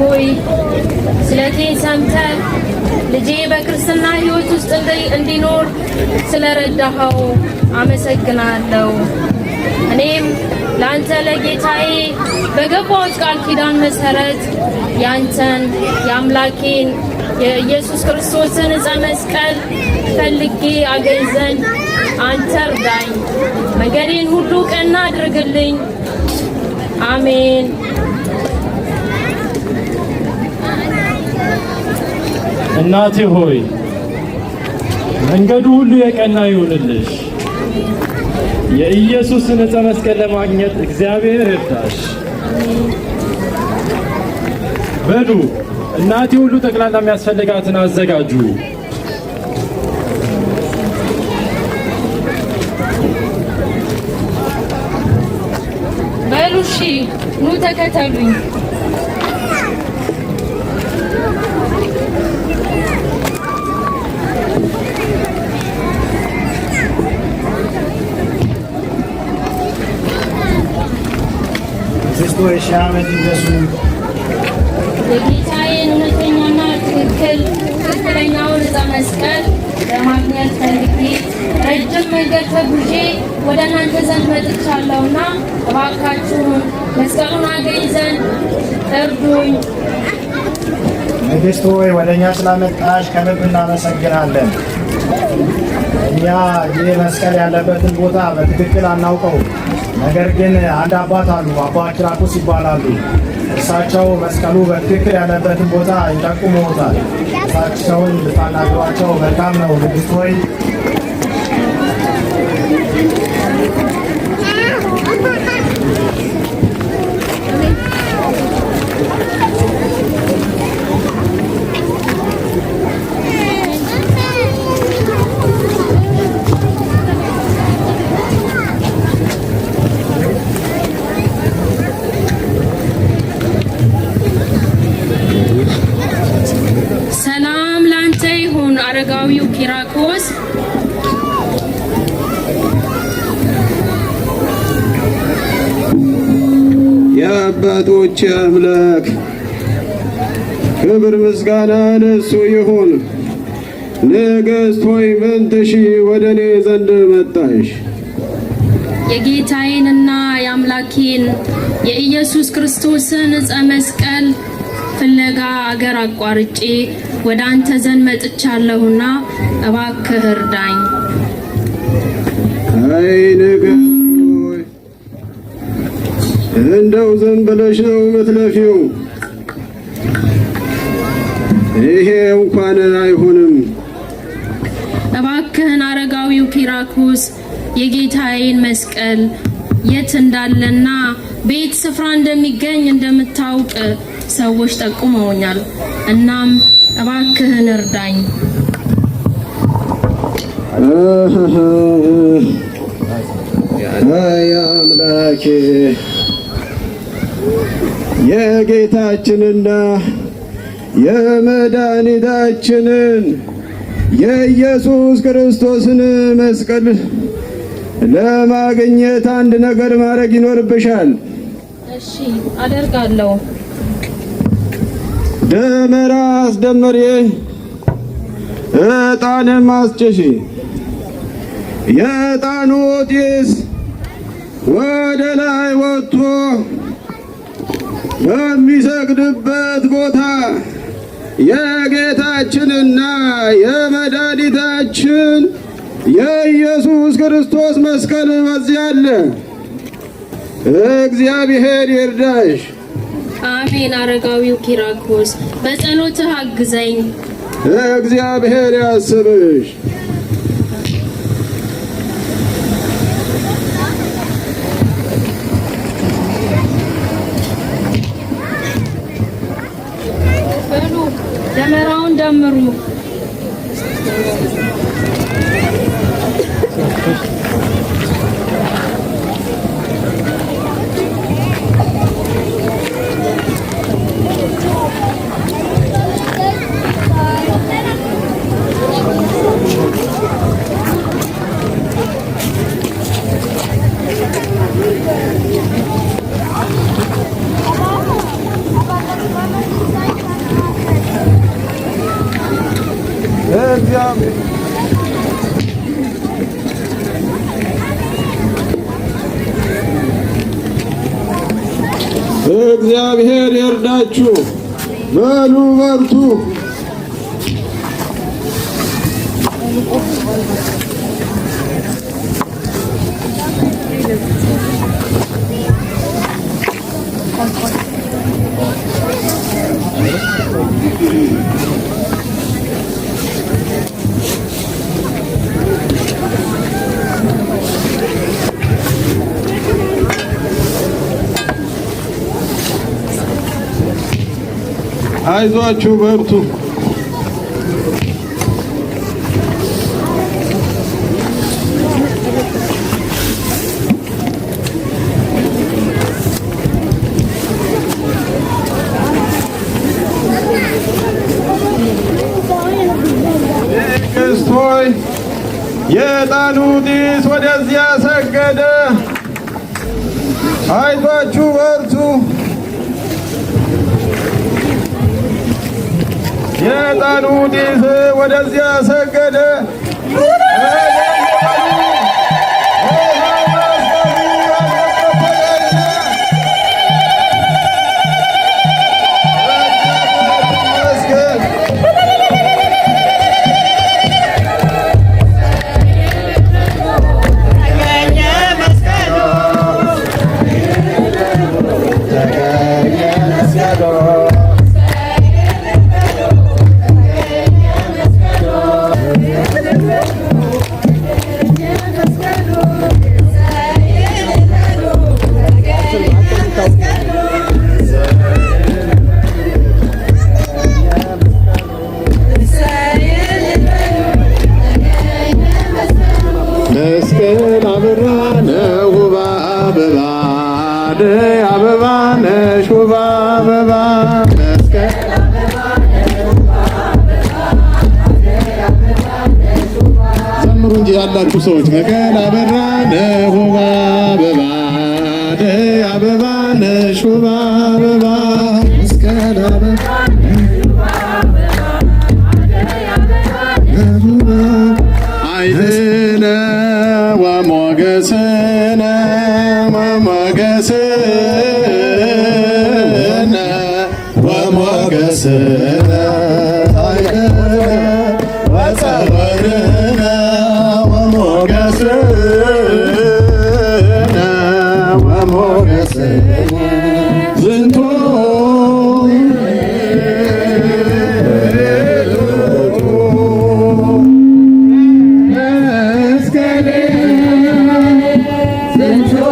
ሆይ ስለ ሰምተ ልጄ በክርስትና ሕይወት ውስጥ እንዲኖር ስለረዳኸው አመሰግናለሁ። እኔም ለአንተ ለጌታዬ በገባዎች ቃል ኪዳን መሰረት ያንተን የአምላኬን የኢየሱስ ክርስቶስን ዕፀ መስቀል ፈልጌ አገኝ ዘንድ አንተ እርዳኝ፣ መንገዴን ሁሉ ቀና አድርግልኝ። አሜን። እናቴ ሆይ መንገዱ ሁሉ የቀና ይሁንልሽ። የኢየሱስን ዕፀ መስቀል ለማግኘት እግዚአብሔር ይርዳሽ። በሉ እናቴ ሁሉ ጠቅላላ የሚያስፈልጋትን አዘጋጁ። በሉ እሺ፣ ኑ ተከተሉኝ። ሆይ ሺህ ዓመት ይደሱ የጌታዬን እውነተኛና ትክክል ትክክለኛውን ዕፀ መስቀል ለማግኘት ፈልጌ ረጅም መንገድ ተጉዤ ወደ እናንተ ዘንድ መጥቻለሁና እባካችሁን መስቀሉን አገኝ ዘንድ እርዱኝ። ንግሥት ሆይ ወደ እኛ ስላመጣሽ ከልብ እናመሰግናለን። እኛ ይህ መስቀል ያለበትን ቦታ በትክክል አናውቀው። ነገር ግን አንድ አባት አሉ፣ አባ ኪራኮስ ይባላሉ። እሳቸው መስቀሉ በትክክል ያለበትን ቦታ ይጠቁሙታል። እሳቸውን ልታናግሯቸው መልካም ነው ንግስት ሆይ አረጋዊው ኪራኮስ የአባቶች አምላክ ክብር ምስጋና ለሱ ይሁን። ንግሥት ሆይ ምንትሺ ወደ እኔ ዘንድ መጣሽ? የጌታዬን እና የአምላኬን የኢየሱስ ክርስቶስን ዕፀ መስቀል ፍለጋ አገር አቋርጬ ወደ አንተ ዘንድ መጥቻለሁና እባክህ እርዳኝ። አይ ነገር እንደው ዘን ብለሽ ነው ምትለፊው? ይሄ እንኳን አይሆንም። እባክህን አረጋዊው ኪራኩስ የጌታዬን መስቀል የት እንዳለና በየት ስፍራ እንደሚገኝ እንደምታውቅ ሰዎች ጠቁመውኛል። እናም እባክህን እርዳኝ። አምላኬ የጌታችንና የመድኃኒታችንን የኢየሱስ ክርስቶስን መስቀል ለማግኘት አንድ ነገር ማድረግ ይኖርብሻል። እሺ አደርጋለሁ። ደመራ አስደመሬ ዕጣንም አስጭሺ የዕጣኑ ጢስ ወደ ላይ ወጥቶ በሚሰግድበት ቦታ የጌታችንና የመድኃኒታችን የኢየሱስ ክርስቶስ መስቀል በዚያ አለ። እግዚአብሔር ይርዳሽ። አሜን። አረጋዊው ኪራኮስ በጸሎትህ አግዘኝ። እግዚአብሔር ያስብሽ። ደመራውን ደምሩ። እግዚአብሔር ይርዳችሁ። በሉ በርቱ። አይዟችሁ በርቱ። ንግሥቶይ የዕጣኑ ጢስ ወደዚያ ሰገደ። አይዟችሁ በርቱ። የዕጣኑ ጢስ ወደዚያ ሰገደ። ፈንጂ ያላችሁ ሰዎች መቀል አበራ ነሆባ አበባ አበባ ነሾባ አበባ መስቀል አበባ ወሞገስነ ወሞገስነ ወሞገስነ Then